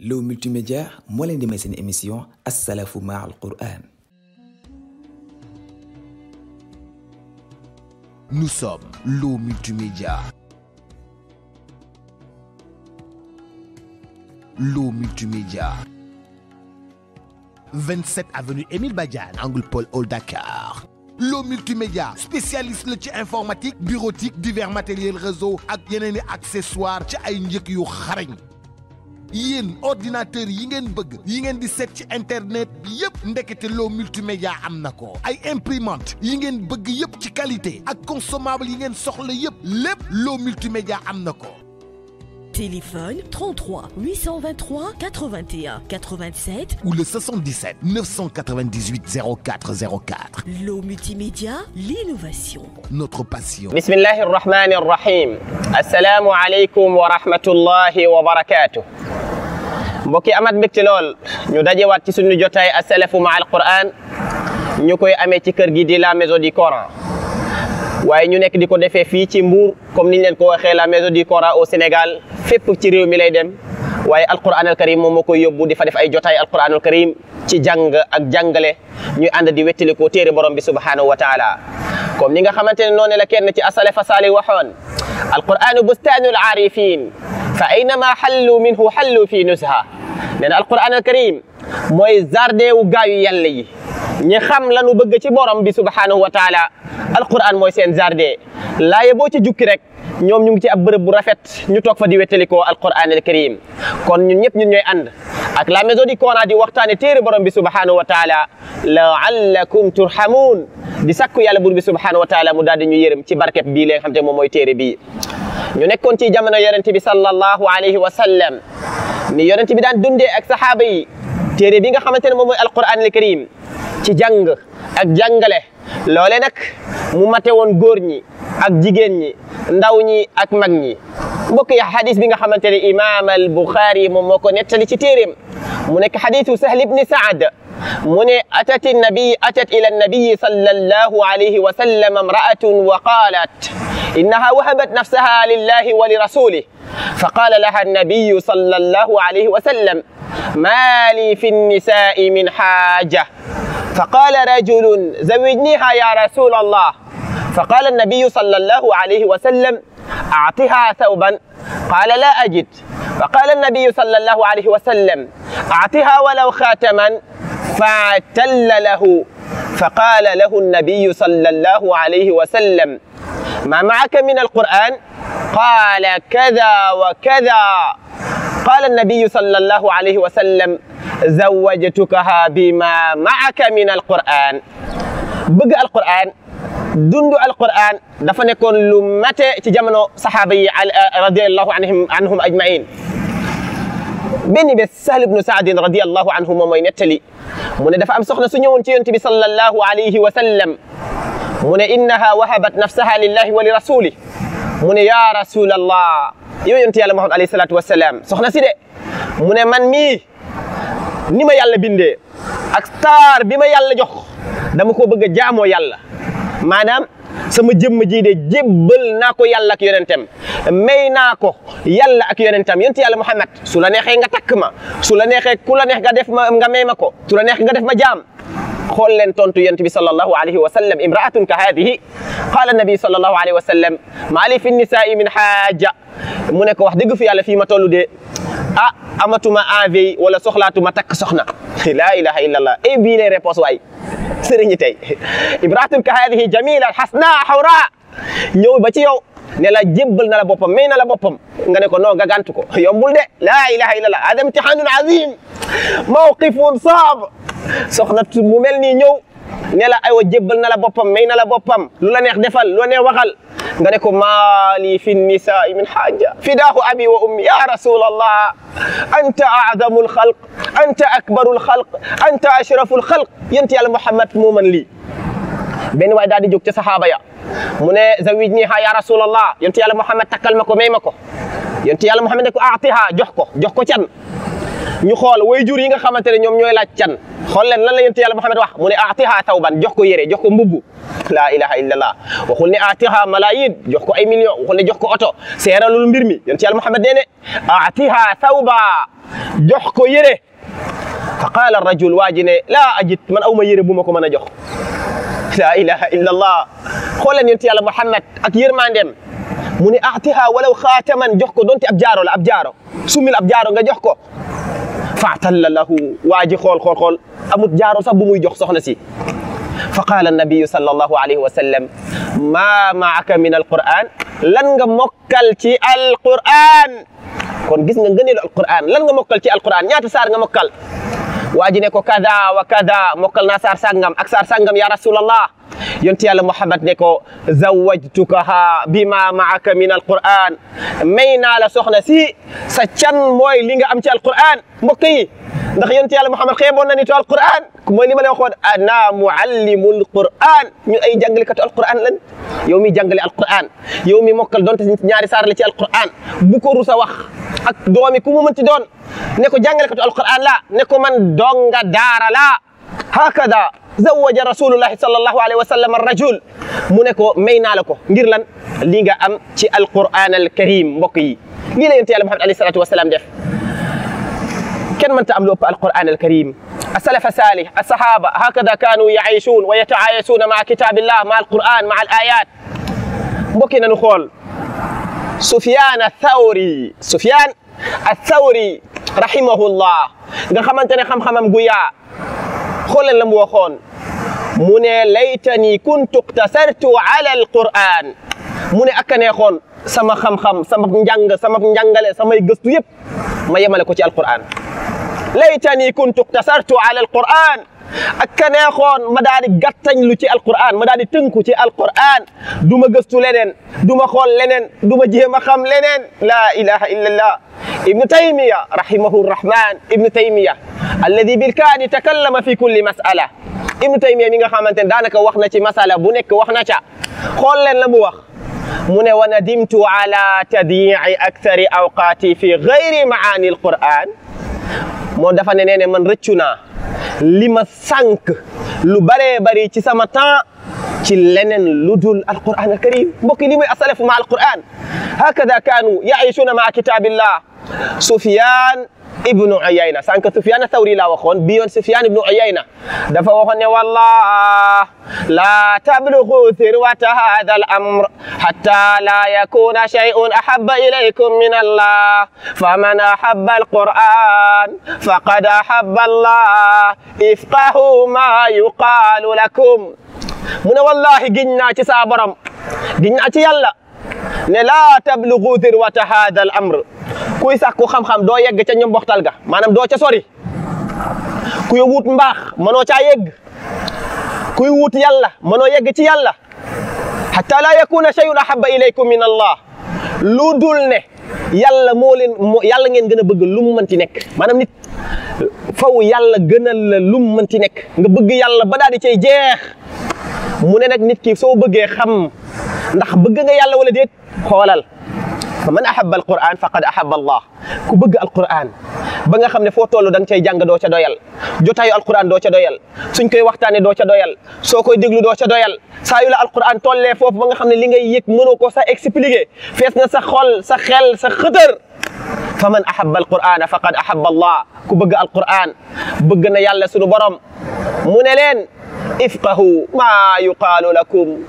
L'eau multimédia moi l'un des émission à al Qur'an nous sommes l'eau multimédia l'eau multimédia 27 avenue Émile Bajan, angle Paul Dakar L'eau multimédia spécialiste de informatique bureautique divers matériels réseau accessoires ci ay yéen ordinateur yi ngeen bëgg yi ngeen di ci internet bi yépp ndekete loo multimédia am na ko ay imprimante yi ngeen bëgg yépp ci qualité ak consommable yi ngeen soxla yépp lépp loo multimédia am ko téléphone 33 823 81 87 ou le 77 998 0404. L'eau multimédia, l'innovation. Notre passion. Bismillahirrahmanirrahim. Assalamu alaikum wa rahmatullahi wa barakatuh. mbokki amat mbégte lool ñu dajewaat ci suñu jotaay as-salafu ma al-Qur'an ñu koy amee ci kër gi di la maison du Coran waaye ñu nekk di ko defee ci Mbour comme niñ leen ko waxee la maison du Coran au Sénégal fépp ci réew mi lay dem waaye alquran al karim moom moo koy yóbbu di fa def ay jotaay alquran al karim ci jàng ak jàngale ñuy ànd di wettali ko téere borom bi subhanahu wa taala comme ni nga xamante ne la kenn ci asalafa saali waxoon alquranu bustaanul arifin fa aynama xallu minhu xallu fi nuzha nee na alquran al karim mooy jardin wu gaayu yàlla yi ñi xam lanu bëgg ci borom bi subhanahu wa taala alquran mooy seen jardin laaye boo ci jukki rek ñoom ñu ngi ci ab bërëb bu rafet ñu toog fa di wettalikoo alquran al karim kon ñun ñëpp ni ñooy ànd ak la maison du Coran di waxtaane téere borom bi subhanahu wa taala laallakum turhamun di sakku yàlla buur bi subhanahu wa taala mu daal di ñu yërëm ci barket bii la nga xam te moom mooy téere bii ñu nekkoon ci jamono yonent bi sallallahu alayhi wa sallam ni yonent bi daan dundee ak saxaaba yi téere bi nga xamante ne moom mooy alquran al karim ci jàng ak jàngale loole nag mu mate woon góor ñi ak jigéen ñi ndaw ñi ak mag ñi mbokk yi xadis bi nga xamante ne imaam al buxaari moom moo ko nettali ci téereem mu nekk xadisu sahl ibni saad من أتت النبي أتت إلى النبي صلى الله عليه وسلم امرأة وقالت إنها وهبت نفسها لله ولرسوله فقال لها النبي صلى الله عليه وسلم ما لي في النساء من حاجة فقال رجل زوجنيها يا رسول الله فقال النبي صلى الله عليه وسلم أعطها ثوبا قال لا أجد فقال النبي صلى الله عليه وسلم أعطها ولو خاتما فاعتل له فقال له النبي صلى الله عليه وسلم ما معك من القرآن قال كذا وكذا قال النبي صلى الله عليه وسلم زوجتكها بما معك من القرآن بقى القرآن دند القرآن دفنكم لمتى تجمنوا صحابي رضي الله عنهم, عنهم أجمعين benn bés Sahl ibnu Saadin radiyallahu anhu moom mooy nettali mu ne dafa am soxna su ñëwoon ci yonent bi sallallahu alayhi wa sallam mu ne innaha wahabat nafsaha lillahi wa li rasuli mu ne ya rasulallah yow yonent yàlla Muhammad alayhi salaatu wa salaam soxna si de mu ne man mii ni ma yàlla bindee ak taar bi ma yàlla jox dama ko bëgg a jaamoo yàlla maanaam sama jëmm ji de jébbal naa ko yàlla ak yonentam may naa ko yàlla ak yonentam yonent yàlla Muhammad su la neexee nga takk ma su la neexee ku la neex nga def ma nga may ma ko su la neex nga def ma jaam xool leen tontu yonent bi sallallahu alayhi wa sallam imraatun ka haadihi qaala nabi sallallahu alayhi wa sallam maa li fi nisaai min xaaja mu ne ko wax dëgg fi ma toll de amatuma ave wala soxlatuma tak soxna la ilaha illa allah e bi lay réponse way serigne tay ibrahim ka hadihi jamila alhasna hawra ñëw ba ci yow ne la jembal na la bopam may na la bopam nga ne ko no nga ko yombul de la ilaha illa allah adam imtihanun azim mawqifun sab soxna mu melni ñëw ne la ay wa jembal na la bopam may na la bopam lu la neex defal lu ne waxal غاني كو مالي في النساء من حاجه في فداه ابي وامي يا رسول الله انت اعظم الخلق انت اكبر الخلق انت اشرف الخلق ينتي على محمد مومن لي بن واي دادي جوك تي يا مني زويجني ها يا رسول الله ينتي على محمد تكلمكو ميمكو ينتي على محمد اعطيها جوخكو جوخكو تيان ñu xool way jur yi nga xamante ne ñoom ñooy laaj can xool leen lan la yonent yàlla Muhammad wax mu ne aatiha tawban jox ko yére jox ko mbubb laa ilaha illallah waxul ne jox ko ay million waxul ne jox ko oto mbir mi yonent yàlla Muhammad nee ne aatiha tawba jox ko yére fa qaala rajul waa ji ne laa ajit man aw ma yére bu ma ko mën a jox laa ilaha illallah xool leen yonent yàlla Muhammad ak yërmandeem mu ne aatiha jox ko donte ab jaaro la ab jaaro sumil ab jaaro nga jox ko فاعتل له واجي خول خول خول اموت جارو صاحب موي جوخ سخنا سي فقال النبي صلى الله عليه وسلم ما معك من القران لن موكال تي القران كون غيس نغا القران لن موكال تي القران نياتي سار موكال waa ji ne ko kada wa kada mokkal naa saar sàngam ak saar sàngam ya rasulallah yonti yàlla muhammad ne ko zawajtukaha bima maaka min alquran may naa la soxna si sa can mooy li nga am ci alquran mbokk yi ndax yonent yàlla Muhammad xeeboon na ni to alquran mooy li ma waxon ana muallimul quran ñu ay kat alquran lan yow mi jàngale alquran yow mi mokkal donte ñaari sar la ci alquran bu ko rusa wax ak doomi ku mu mënti doon ne ko jangale kat alquran la ne ko man donga dara la hakada زوج رسول الله صلى الله عليه وسلم الرجل منكو ko may naa la ko ngir lan li nga am ci alquran alkarim mbokk yi lii la yonent كان من تعملوا القرآن الكريم السلف الصالح الصحابة هكذا كانوا يعيشون ويتعايشون مع كتاب الله مع القرآن مع الآيات بكنا نقول سفيان الثوري سفيان الثوري رحمه الله nga xamantene xam xamam gu ya xolal lam waxon mu ne laytani kuntu iqtasartu ala alquran mu ne سما xon sama xam xam sama njang ma yemale ko ci alquran laytani kuntu iktasartu ala alquran ak ka neexoon ma daal di gàttañ lu ci alquran ma daal di tënku ci alquran du ma gëstu leneen du ma xool leneen du ma jéem a xam leneen laa ilaha illa allah ibnu taymiya rahimahu rrahman ibnu taymiya alladi bilkaani takallama fi kulli masala ibnu taymiya mi nga xamante ne daanaka wax na ci masala bu nekk wax na ca xool leen la mu wax mu ne wa nadimtu ala tadii akthari awqaati fi gayri maani alquran moo dafa ne nee ne man rëccu naa li ma sànq lu bëree bëri ci sama temps ci leneen lu dul alquran alkarim mbokk li muy asalafu ma alquran hakada kaanu yaishuuna maa kitaabillah sufyaan ابن عيينة سانك سفيان الثوري لا وخون بيون سفيان ابن عيينة دفا وخون والله لا تبلغوا ثروة هذا الأمر حتى لا يكون شيء أحب إليكم من الله فمن أحب القرآن فقد أحب الله إفقه ما يقال لكم من والله جنة سابرم جنة يلا لا تبلغوا ذروة هذا الأمر kuy sàkku xam-xam doo yegg ca ñoom boxtal ga maanaam doo ca sori kuy wut mbaax mënoo caa yegg kuy wut yàlla mënoo yegg ci yàlla hatta laa yakuna shay'un ahabba ilaykum min allah lu dul ne moo leen moo yàlla ngeen gën a bëgg lu mu mënti nekk maanaam nit faw yàlla gënal la lu mu mënti nekk nga bëgg yàlla ba daal di cay jeex mu ne nag nit ki soo bëggee xam ndax bëgg nga yàlla wala déet xoolal faman ahabba alquran faqad ahabba allah ku bëgg alquran ba nga xam ne foo toll da nga cay jàng doo ca doyal jotaayu alquran doo ca doyal suñ koy waxtaane doo ca doyal soo koy déglu doo ca doyal saa yu la alquran tollee foofu ba nga xam ne li ngay yëg mënoo ko sa expliquer fees na sa xol sa xel sa xëtër faman ahabba alquran faqad ahabba allah ku bëgg alquran bëgg na yàlla sunu borom mu ne leen ifqahu maa yuqaalu lakum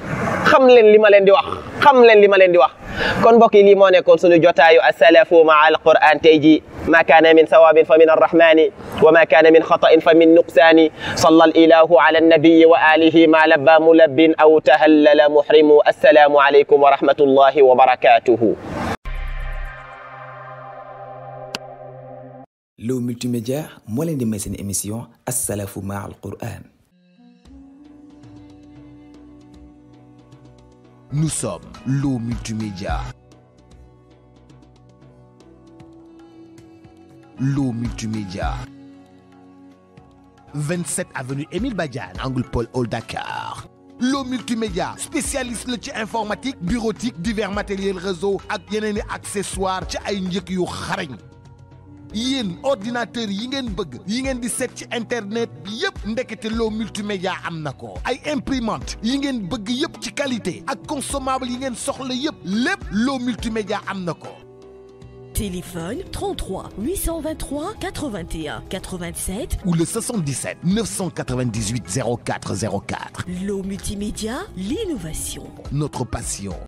xam leen li ma leen di wax xam leen li ma leen di wax كون بوكي لي مون كون سونو جوتايو السلف مع القران تيجي ما كان من ثواب فمن الرحمن وما كان من خطا فمن نقصان صلى الاله على النبي واله ما لبى ملب او تهلل محرم السلام عليكم ورحمه الله وبركاته لو ملتي ميديا مولين دي ميسين اميسيون السلف مع القران Nous sommes l'eau multimédia. L'eau multimédia. 27 avenue Émile Badian, Angle Paul Hall Dakar. L'eau multimédia spécialiste de informatique bureautique divers matériels réseau et accessoires yéen ordinateur yi ngeen bëgg yi ngeen di internet bi yëpp ndekete loo multimédia am na ko ay imprimante yi ngeen bëgg yépp ci qualité ak consommable yi ngeen soxla yépp lépp loo multimédia am na ko téléphone 33 823 81 87 ou le 77 998 0404. L'eau multimédia, l'innovation. Notre passion.